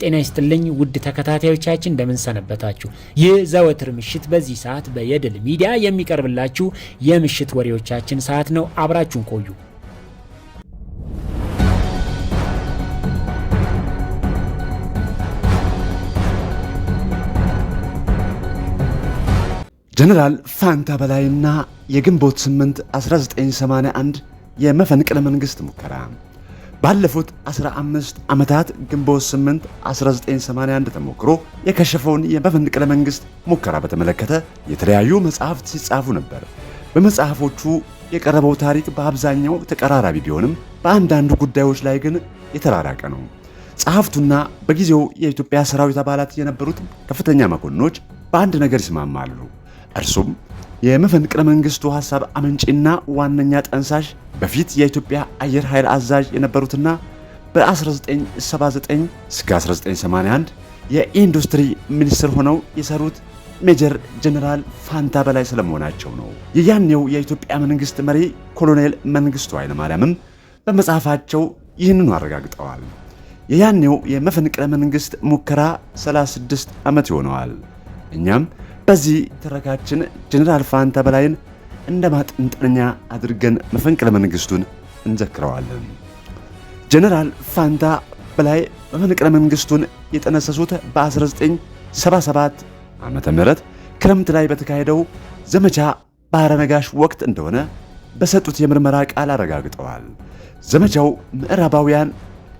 ጤና ይስጥልኝ ውድ ተከታታዮቻችን እንደምንሰነበታችሁ። ይህ ዘወትር ምሽት በዚህ ሰዓት በየድል ሚዲያ የሚቀርብላችሁ የምሽት ወሬዎቻችን ሰዓት ነው። አብራችሁን ቆዩ። ጀነራል ፋንታ በላይና የግንቦት 8 1981 የመፈንቅለ መንግስት ሙከራ ባለፉት 15 ዓመታት ግንቦት 8 1981 ተሞክሮ የከሸፈውን የመፈንቅለ መንግሥት ሙከራ በተመለከተ የተለያዩ መጽሐፍት ሲጻፉ ነበር። በመጽሐፎቹ የቀረበው ታሪክ በአብዛኛው ተቀራራቢ ቢሆንም በአንዳንድ ጉዳዮች ላይ ግን የተራራቀ ነው። ጸሐፍቱና በጊዜው የኢትዮጵያ ሰራዊት አባላት የነበሩት ከፍተኛ መኮንኖች በአንድ ነገር ይስማማሉ። እርሱም የመፈንቅለ መንግስቱ ሀሳብ አመንጪና ዋነኛ ጠንሳሽ በፊት የኢትዮጵያ አየር ኃይል አዛዥ የነበሩትና በ1979 እስከ 1981 የኢንዱስትሪ ሚኒስትር ሆነው የሰሩት ሜጀር ጀነራል ፋንታ በላይ ስለመሆናቸው ነው። የያኔው የኢትዮጵያ መንግስት መሪ ኮሎኔል መንግስቱ ኃይለማርያምም በመጽሐፋቸው ይህንኑ አረጋግጠዋል። የያኔው የመፈንቅለ መንግስት ሙከራ 36 ዓመት ይሆነዋል። እኛም በዚህ ትረካችን ጀነራል ፋንታ በላይን እንደ ማጠንጠኛ አድርገን መፈንቅለ መንግስቱን እንዘክረዋለን። ጀነራል ፋንታ በላይ መፈንቅለ መንግስቱን የጠነሰሱት በ1977 ዓመተ ምህረት ክረምት ላይ በተካሄደው ዘመቻ ባህረ ነጋሽ ወቅት እንደሆነ በሰጡት የምርመራ ቃል አረጋግጠዋል። ዘመቻው ምዕራባውያን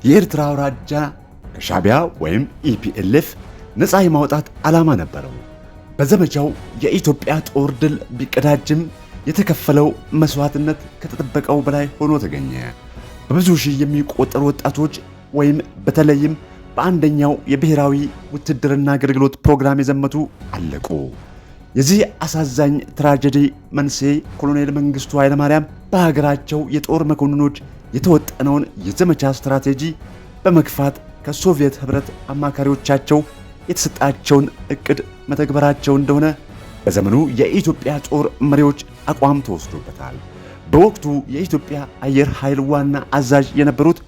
የኤርትራ አውራጃ ከሻቢያ ወይም ኢፒኤልኤፍ ነፃ የማውጣት ዓላማ ነበረው። በዘመቻው የኢትዮጵያ ጦር ድል ቢቀዳጅም የተከፈለው መስዋዕትነት ከተጠበቀው በላይ ሆኖ ተገኘ። በብዙ ሺህ የሚቆጠሩ ወጣቶች ወይም በተለይም በአንደኛው የብሔራዊ ውትድርና አገልግሎት ፕሮግራም የዘመቱ አለቁ። የዚህ አሳዛኝ ትራጀዲ መንስኤ ኮሎኔል መንግስቱ ኃይለማርያም በሀገራቸው የጦር መኮንኖች የተወጠነውን የዘመቻ ስትራቴጂ በመግፋት ከሶቪየት ህብረት አማካሪዎቻቸው የተሰጣቸውን እቅድ መተግበራቸው እንደሆነ በዘመኑ የኢትዮጵያ ጦር መሪዎች አቋም ተወስዶበታል። በወቅቱ የኢትዮጵያ አየር ኃይል ዋና አዛዥ የነበሩት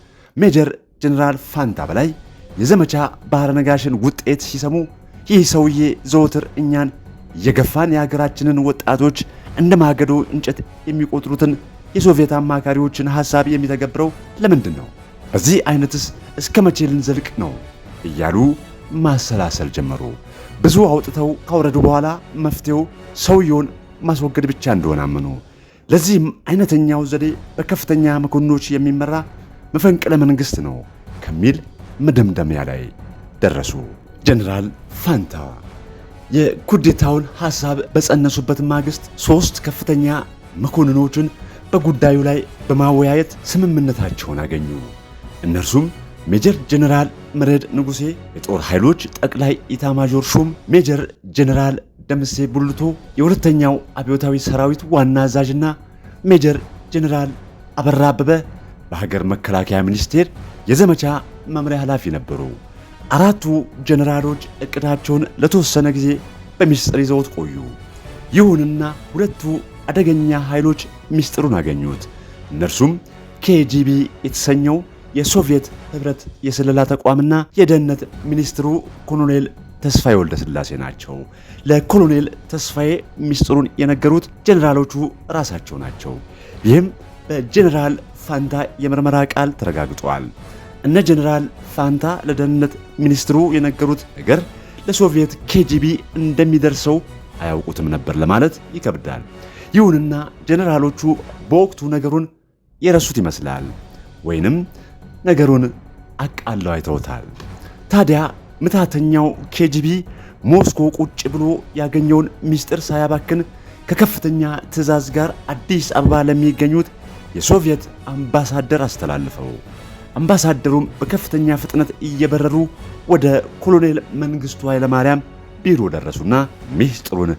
ሜጀር ጀኔራል ፋንታ በላይ የዘመቻ ባህረ ነጋሽን ውጤት ሲሰሙ ይህ ሰውዬ ዘወትር እኛን የገፋን የሀገራችንን ወጣቶች እንደ ማገዶ እንጨት የሚቆጥሩትን የሶቪየት አማካሪዎችን ሐሳብ የሚተገብረው ለምንድን ነው? በዚህ አይነትስ እስከ መቼ ልንዘልቅ ነው? እያሉ ማሰላሰል ጀመሩ። ብዙ አውጥተው ካወረዱ በኋላ መፍትሄው ሰውየውን ማስወገድ ብቻ እንደሆነ አመኑ። ለዚህም አይነተኛው ዘዴ በከፍተኛ መኮንኖች የሚመራ መፈንቅለ መንግሥት ነው ከሚል መደምደሚያ ላይ ደረሱ። ጀነራል ፋንታ የኩዴታውን ሐሳብ በጸነሱበት ማግስት ሦስት ከፍተኛ መኮንኖችን በጉዳዩ ላይ በማወያየት ስምምነታቸውን አገኙ። እነርሱም ሜጀር ጀነራል መረድ ንጉሴ፣ የጦር ኃይሎች ጠቅላይ ኢታማዦር ሹም ሜጀር ጀነራል ደምሴ ቡልቶ፣ የሁለተኛው አብዮታዊ ሰራዊት ዋና አዛዥና ሜጀር ጀነራል አበራ አበበ በሀገር መከላከያ ሚኒስቴር የዘመቻ መምሪያ ኃላፊ ነበሩ። አራቱ ጀነራሎች እቅዳቸውን ለተወሰነ ጊዜ በሚስጥር ይዘውት ቆዩ። ይሁንና ሁለቱ አደገኛ ኃይሎች ሚስጥሩን አገኙት። እነርሱም ኬጂቢ የተሰኘው የሶቪየት ህብረት የስለላ ተቋምና የደህንነት ሚኒስትሩ ኮሎኔል ተስፋዬ ወልደስላሴ ናቸው። ለኮሎኔል ተስፋዬ ሚስጥሩን የነገሩት ጀኔራሎቹ ራሳቸው ናቸው። ይህም በጀኔራል ፋንታ የምርመራ ቃል ተረጋግጧል። እነ ጀኔራል ፋንታ ለደህንነት ሚኒስትሩ የነገሩት ነገር ለሶቪየት ኬጂቢ እንደሚደርሰው አያውቁትም ነበር ለማለት ይከብዳል። ይሁንና ጀኔራሎቹ በወቅቱ ነገሩን የረሱት ይመስላል ወይንም ነገሩን አቃለው አይተውታል። ታዲያ ምታተኛው ኬጂቢ ሞስኮ ቁጭ ብሎ ያገኘውን ሚስጥር ሳያባክን ከከፍተኛ ትዕዛዝ ጋር አዲስ አበባ ለሚገኙት የሶቪየት አምባሳደር አስተላልፈው አምባሳደሩም በከፍተኛ ፍጥነት እየበረሩ ወደ ኮሎኔል መንግስቱ ኃይለማርያም ቢሮ ደረሱና ሚስጥሩን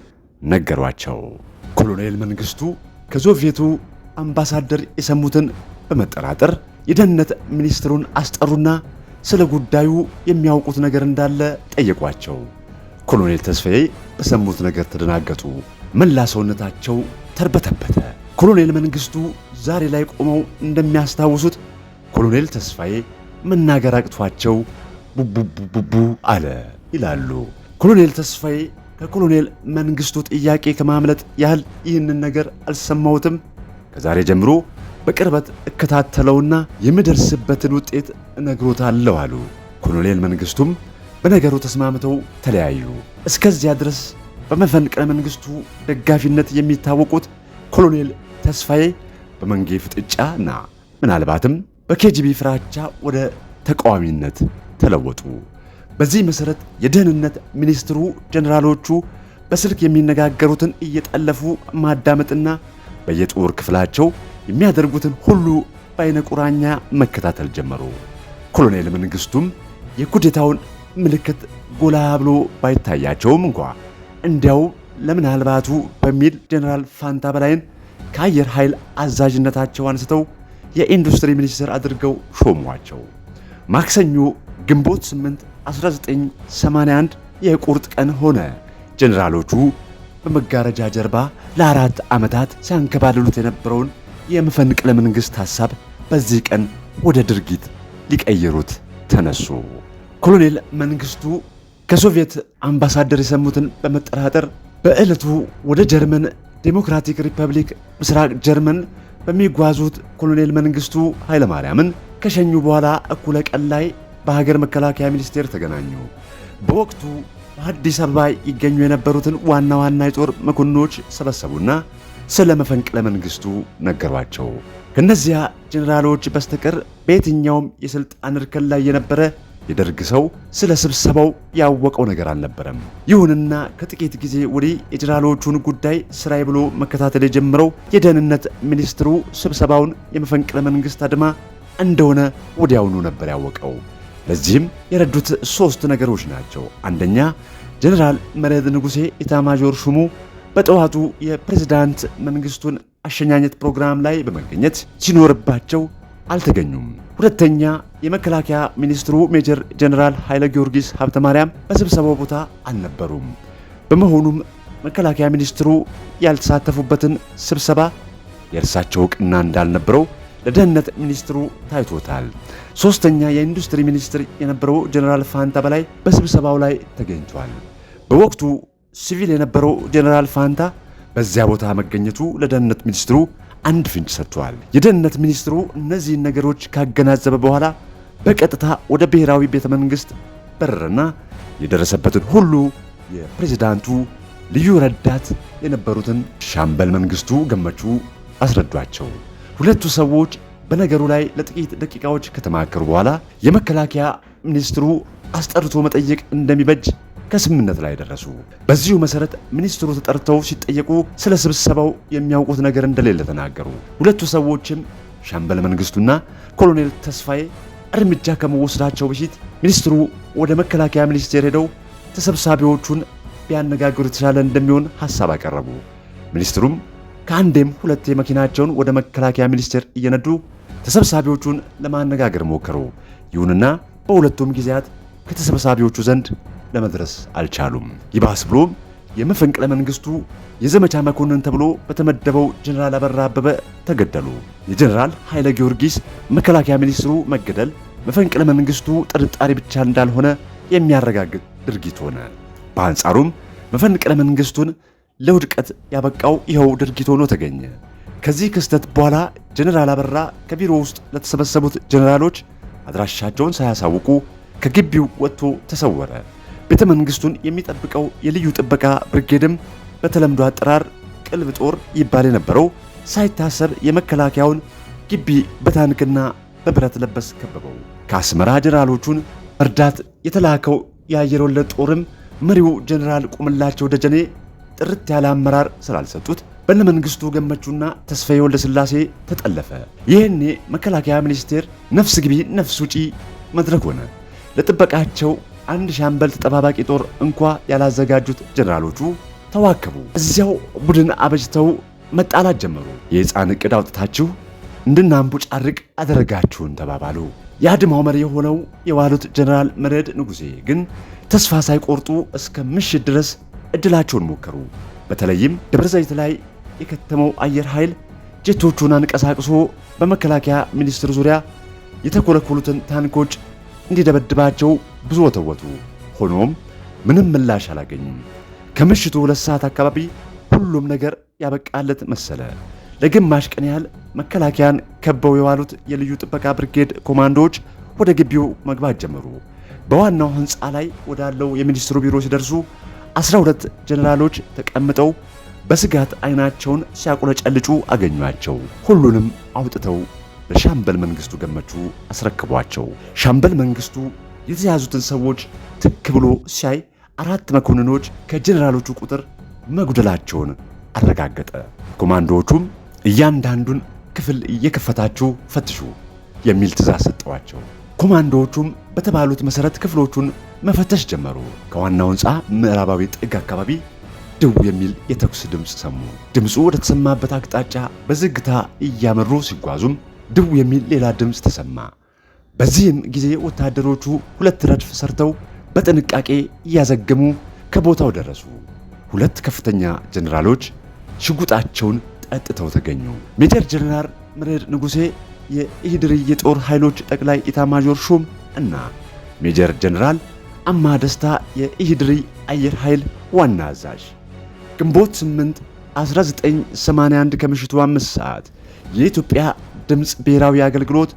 ነገሯቸው። ኮሎኔል መንግስቱ ከሶቪየቱ አምባሳደር የሰሙትን በመጠራጠር የደህንነት ሚኒስትሩን አስጠሩና ስለ ጉዳዩ የሚያውቁት ነገር እንዳለ ጠየቋቸው። ኮሎኔል ተስፋዬ በሰሙት ነገር ተደናገጡ። መላ ሰውነታቸው ተርበተበተ። ኮሎኔል መንግስቱ ዛሬ ላይ ቆመው እንደሚያስታውሱት ኮሎኔል ተስፋዬ መናገር አቅቷቸው ቡቡቡቡቡ አለ ይላሉ። ኮሎኔል ተስፋዬ ከኮሎኔል መንግስቱ ጥያቄ ከማምለጥ ያህል ይህንን ነገር አልሰማሁትም። ከዛሬ ጀምሮ በቅርበት እከታተለውና የምደርስበትን ውጤት እነግሮታለሁ አሉ። ኮሎኔል መንግስቱም በነገሩ ተስማምተው ተለያዩ። እስከዚያ ድረስ በመፈንቅለ መንግስቱ ደጋፊነት የሚታወቁት ኮሎኔል ተስፋዬ በመንጌ ፍጥጫና ምናልባትም በኬጂቢ ፍራቻ ወደ ተቃዋሚነት ተለወጡ። በዚህ መሰረት የደህንነት ሚኒስትሩ ጀኔራሎቹ በስልክ የሚነጋገሩትን እየጠለፉ ማዳመጥና በየጦር ክፍላቸው የሚያደርጉትን ሁሉ በአይነ ቁራኛ መከታተል ጀመሩ። ኮሎኔል መንግስቱም የኩዴታውን ምልክት ጎላ ብሎ ባይታያቸውም እንኳ እንዲያው ለምናልባቱ በሚል ጀኔራል ፋንታ በላይን ከአየር ኃይል አዛዥነታቸው አንስተው የኢንዱስትሪ ሚኒስትር አድርገው ሾሟቸው። ማክሰኞ ግንቦት 8 1981 የቁርጥ ቀን ሆነ። ጀኔራሎቹ በመጋረጃ ጀርባ ለአራት ዓመታት ሲያንከባልሉት የነበረውን የመፈንቅለ መንግሥት ሐሳብ በዚህ ቀን ወደ ድርጊት ሊቀይሩት ተነሱ። ኮሎኔል መንግሥቱ ከሶቪየት አምባሳደር የሰሙትን በመጠራጠር በዕለቱ ወደ ጀርመን ዴሞክራቲክ ሪፐብሊክ ምስራቅ ጀርመን በሚጓዙት ኮሎኔል መንግሥቱ ኃይለማርያምን ከሸኙ በኋላ እኩለ ቀን ላይ በሀገር መከላከያ ሚኒስቴር ተገናኙ። በወቅቱ በአዲስ አበባ ይገኙ የነበሩትን ዋና ዋና የጦር መኮንኖች ሰበሰቡና ስለ መፈንቅለ መንግስቱ ነገሯቸው። ከነዚያ ጄኔራሎች በስተቀር በየትኛውም የሥልጣን እርከን ላይ የነበረ የደርግ ሰው ስለ ስብሰባው ያወቀው ነገር አልነበረም። ይሁንና ከጥቂት ጊዜ ወዲህ የጄኔራሎቹን ጉዳይ ስራይ ብሎ መከታተል የጀመረው የደህንነት ሚኒስትሩ ስብሰባውን የመፈንቅለ መንግስት አድማ እንደሆነ ወዲያውኑ ነበር ያወቀው። ለዚህም የረዱት ሶስት ነገሮች ናቸው። አንደኛ ጀነራል መሬት ንጉሴ ኢታማዦር ሹሙ በጠዋቱ የፕሬዝዳንት መንግስቱን አሸኛኘት ፕሮግራም ላይ በመገኘት ሲኖርባቸው አልተገኙም። ሁለተኛ የመከላከያ ሚኒስትሩ ሜጀር ጀነራል ኃይለ ጊዮርጊስ ሀብተ ማርያም በስብሰባው ቦታ አልነበሩም። በመሆኑም መከላከያ ሚኒስትሩ ያልተሳተፉበትን ስብሰባ የእርሳቸው እውቅና እንዳልነበረው ለደህንነት ሚኒስትሩ ታይቶታል። ሶስተኛ የኢንዱስትሪ ሚኒስትር የነበረው ጀነራል ፋንታ በላይ በስብሰባው ላይ ተገኝቷል። በወቅቱ ሲቪል የነበረው ጀነራል ፋንታ በዚያ ቦታ መገኘቱ ለደህንነት ሚኒስትሩ አንድ ፍንጭ ሰጥቷል። የደህንነት ሚኒስትሩ እነዚህን ነገሮች ካገናዘበ በኋላ በቀጥታ ወደ ብሔራዊ ቤተ መንግሥት በረረና የደረሰበትን ሁሉ የፕሬዝዳንቱ ልዩ ረዳት የነበሩትን ሻምበል መንግስቱ ገመቹ አስረዷቸው። ሁለቱ ሰዎች በነገሩ ላይ ለጥቂት ደቂቃዎች ከተማከሩ በኋላ የመከላከያ ሚኒስትሩ አስጠርቶ መጠየቅ እንደሚበጅ ከስምምነት ላይ ደረሱ። በዚሁ መሰረት ሚኒስትሩ ተጠርተው ሲጠየቁ ስለ ስብሰባው የሚያውቁት ነገር እንደሌለ ተናገሩ። ሁለቱ ሰዎችም ሻምበል መንግስቱና ኮሎኔል ተስፋዬ እርምጃ ከመወሰዳቸው በፊት ሚኒስትሩ ወደ መከላከያ ሚኒስቴር ሄደው ተሰብሳቢዎቹን ቢያነጋግሩ የተሻለ እንደሚሆን ሀሳብ አቀረቡ። ሚኒስትሩም ከአንዴም ሁለቴ መኪናቸውን ወደ መከላከያ ሚኒስቴር እየነዱ ተሰብሳቢዎቹን ለማነጋገር ሞከሩ። ይሁንና በሁለቱም ጊዜያት ከተሰብሳቢዎቹ ዘንድ ለመድረስ አልቻሉም። ይባስ ብሎም የመፈንቅለ መንግስቱ የዘመቻ መኮንን ተብሎ በተመደበው ጀኔራል አበራ አበበ ተገደሉ። የጀኔራል ኃይለ ጊዮርጊስ መከላከያ ሚኒስትሩ መገደል መፈንቅለ መንግስቱ ጥርጣሬ ብቻ እንዳልሆነ የሚያረጋግጥ ድርጊት ሆነ። በአንጻሩም መፈንቅለ መንግስቱን ለውድቀት ያበቃው ይኸው ድርጊት ሆኖ ተገኘ። ከዚህ ክስተት በኋላ ጀኔራል አበራ ከቢሮ ውስጥ ለተሰበሰቡት ጀኔራሎች አድራሻቸውን ሳያሳውቁ ከግቢው ወጥቶ ተሰወረ። ቤተ መንግስቱን የሚጠብቀው የልዩ ጥበቃ ብርጌድም በተለምዶ አጠራር ቅልብ ጦር ይባል የነበረው ሳይታሰብ የመከላከያውን ግቢ በታንክና በብረት ለበስ ከበበው። ከአስመራ ጀነራሎቹን እርዳት የተላከው የአየር ወለድ ጦርም መሪው ጀኔራል ቁምላቸው ደጀኔ ጥርት ያለ አመራር ስላልሰጡት በነ መንግስቱ ገመቹና ተስፋዬ ስላሴ ተጠለፈ። ይህኔ መከላከያ ሚኒስቴር ነፍስ ግቢ ነፍስ ውጪ መድረክ ሆነ። ለጥበቃቸው አንድ ሻምበል ተጠባባቂ ጦር እንኳ ያላዘጋጁት ጀነራሎቹ ተዋከቡ። እዚያው ቡድን አበጅተው መጣላት ጀመሩ። የሕፃን እቅድ አውጥታችሁ እንድናንቡ ጫርቅ አደረጋችሁን ተባባሉ። የአድማው መሪ የሆነው የዋሉት ጀነራል መሬድ ንጉሴ ግን ተስፋ ሳይቆርጡ እስከ ምሽት ድረስ እድላቸውን ሞከሩ። በተለይም ደብረ ዘይት ላይ የከተመው አየር ኃይል ጀቶቹን አንቀሳቅሶ በመከላከያ ሚኒስትር ዙሪያ የተኮለኮሉትን ታንኮች እንዲደበድባቸው ብዙ ወተወቱ። ሆኖም ምንም ምላሽ አላገኙም። ከምሽቱ ሁለት ሰዓት አካባቢ ሁሉም ነገር ያበቃለት መሰለ። ለግማሽ ቀን ያህል መከላከያን ከበው የዋሉት የልዩ ጥበቃ ብርጌድ ኮማንዶዎች ወደ ግቢው መግባት ጀመሩ። በዋናው ሕንፃ ላይ ወዳለው የሚኒስትሩ ቢሮ ሲደርሱ 12 ጀኔራሎች ተቀምጠው በስጋት አይናቸውን ሲያቁለጨልጩ አገኟቸው። ሁሉንም አውጥተው ለሻምበል መንግስቱ ገመቹ አስረክቧቸው። ሻምበል መንግስቱ የተያዙትን ሰዎች ትክ ብሎ ሲያይ አራት መኮንኖች ከጀኔራሎቹ ቁጥር መጉደላቸውን አረጋገጠ። ኮማንዶዎቹም እያንዳንዱን ክፍል እየከፈታችሁ ፈትሹ የሚል ትእዛዝ ሰጠዋቸው። ኮማንዶዎቹም በተባሉት መሰረት ክፍሎቹን መፈተሽ ጀመሩ። ከዋናው ሕንፃ ምዕራባዊ ጥግ አካባቢ ድው የሚል የተኩስ ድምፅ ሰሙ። ድምፁ ወደተሰማበት አቅጣጫ በዝግታ እያመሩ ሲጓዙም ድው የሚል ሌላ ድምፅ ተሰማ። በዚህም ጊዜ ወታደሮቹ ሁለት ረድፍ ሰርተው በጥንቃቄ እያዘገሙ ከቦታው ደረሱ። ሁለት ከፍተኛ ጀኔራሎች ሽጉጣቸውን ጠጥተው ተገኙ። ሜጀር ጀነራል ምሬድ ንጉሴ የኢህድሪ የጦር ኃይሎች ጠቅላይ ኢታማዦር ሹም እና ሜጀር ጀነራል አማ ደስታ የኢህድሪ አየር ኃይል ዋና አዛዥ ግንቦት 8 1981 ከምሽቱ 5 ሰዓት የኢትዮጵያ ድምፅ ብሔራዊ አገልግሎት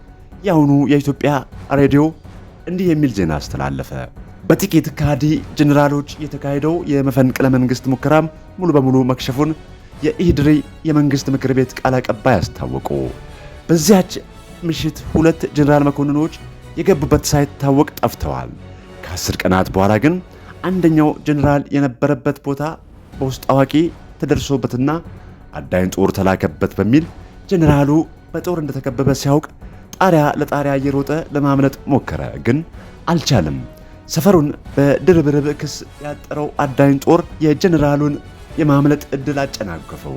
የአሁኑ የኢትዮጵያ ሬዲዮ እንዲህ የሚል ዜና አስተላለፈ። በጥቂት ካዲ ጄኔራሎች የተካሄደው የመፈንቅለ መንግስት ሙከራም ሙሉ በሙሉ መክሸፉን የኢህድሪ የመንግስት ምክር ቤት ቃል አቀባይ አስታወቁ። በዚያች ምሽት ሁለት ጀነራል መኮንኖች የገቡበት ሳይታወቅ ጠፍተዋል። ከአስር ቀናት በኋላ ግን አንደኛው ጀነራል የነበረበት ቦታ በውስጥ አዋቂ ተደርሶበትና አዳኝ ጦር ተላከበት በሚል ጀነራሉ ። በጦር እንደተከበበ ሲያውቅ ጣሪያ ለጣሪያ እየሮጠ ለማምለጥ ሞከረ፣ ግን አልቻለም። ሰፈሩን በድርብርብ ክስ ያጠረው አዳኝ ጦር የጀኔራሉን የማምለጥ ዕድል አጨናገፈው።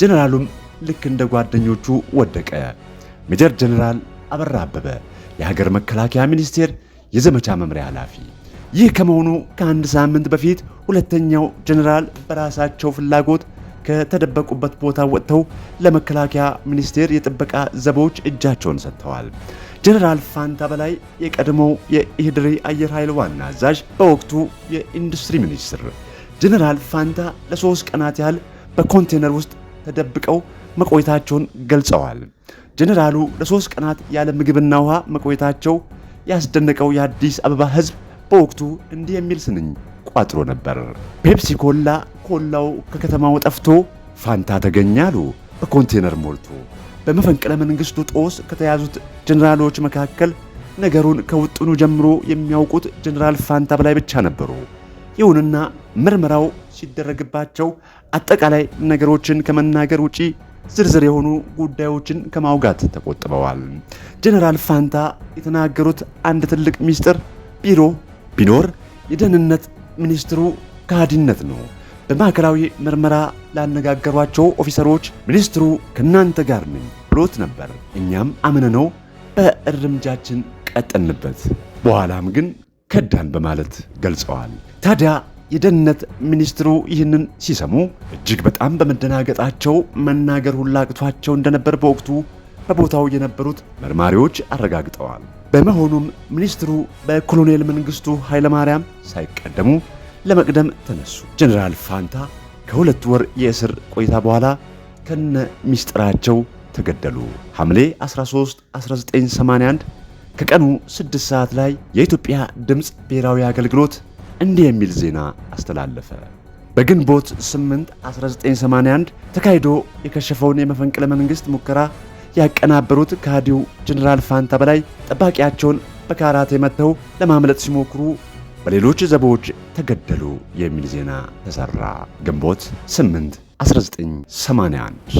ጀኔራሉም ልክ እንደ ጓደኞቹ ወደቀ። ሜጀር ጀኔራል አበራ አበበ የሀገር መከላከያ ሚኒስቴር የዘመቻ መምሪያ ኃላፊ። ይህ ከመሆኑ ከአንድ ሳምንት በፊት ሁለተኛው ጀኔራል በራሳቸው ፍላጎት ከተደበቁበት ቦታ ወጥተው ለመከላከያ ሚኒስቴር የጥበቃ ዘቦች እጃቸውን ሰጥተዋል። ጀነራል ፋንታ በላይ የቀድሞው የኢህድሪ አየር ኃይል ዋና አዛዥ፣ በወቅቱ የኢንዱስትሪ ሚኒስትር ጀነራል ፋንታ ለሶስት ቀናት ያህል በኮንቴነር ውስጥ ተደብቀው መቆየታቸውን ገልጸዋል። ጀነራሉ ለሶስት ቀናት ያለ ምግብና ውሃ መቆየታቸው ያስደነቀው የአዲስ አበባ ህዝብ በወቅቱ እንዲህ የሚል ስንኝ ቋጥሮ ነበር። ፔፕሲ ኮላ ኮላው ከከተማው ጠፍቶ ፋንታ ተገኘ አሉ በኮንቴነር ሞልቶ። በመፈንቅለ መንግስቱ ጦስ ከተያዙት ጀኔራሎች መካከል ነገሩን ከውጥኑ ጀምሮ የሚያውቁት ጀኔራል ፋንታ በላይ ብቻ ነበሩ። ይሁንና ምርመራው ሲደረግባቸው አጠቃላይ ነገሮችን ከመናገር ውጪ ዝርዝር የሆኑ ጉዳዮችን ከማውጋት ተቆጥበዋል። ጀኔራል ፋንታ የተናገሩት አንድ ትልቅ ሚስጥር ቢሮ ቢኖር የደህንነት ሚኒስትሩ ከሃዲነት ነው። በማዕከላዊ ምርመራ ላነጋገሯቸው ኦፊሰሮች ሚኒስትሩ ከእናንተ ጋር ነኝ ብሎት ነበር። እኛም አምነነው በእርምጃችን ቀጠንበት፣ በኋላም ግን ከዳን በማለት ገልጸዋል። ታዲያ የደህንነት ሚኒስትሩ ይህንን ሲሰሙ እጅግ በጣም በመደናገጣቸው መናገር ሁላ አቅቷቸው እንደነበር በወቅቱ በቦታው የነበሩት መርማሪዎች አረጋግጠዋል። በመሆኑም ሚኒስትሩ በኮሎኔል መንግስቱ ኃይለማርያም ሳይቀደሙ ለመቅደም ተነሱ። ጀኔራል ፋንታ ከሁለት ወር የእስር ቆይታ በኋላ ከነ ሚስጥራቸው ተገደሉ። ሐምሌ 13 1981 ከቀኑ 6 ሰዓት ላይ የኢትዮጵያ ድምፅ ብሔራዊ አገልግሎት እንዲህ የሚል ዜና አስተላለፈ። በግንቦት 8 1981 ተካሂዶ የከሸፈውን የመፈንቅለ መንግስት ሙከራ ያቀናበሩት ከሃዲው ጀኔራል ፋንታ በላይ ጠባቂያቸውን በካራቴ መጥተው ለማምለጥ ሲሞክሩ በሌሎች ዘቦች ተገደሉ የሚል ዜና ተሰራ። ግንቦት 8 1981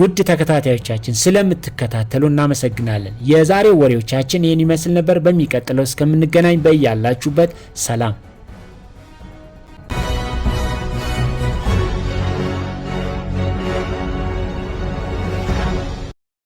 ውድ ተከታታዮቻችን ስለምትከታተሉ እናመሰግናለን። የዛሬው ወሬዎቻችን ይህን ይመስል ነበር። በሚቀጥለው እስከምንገናኝ በያላችሁበት ሰላም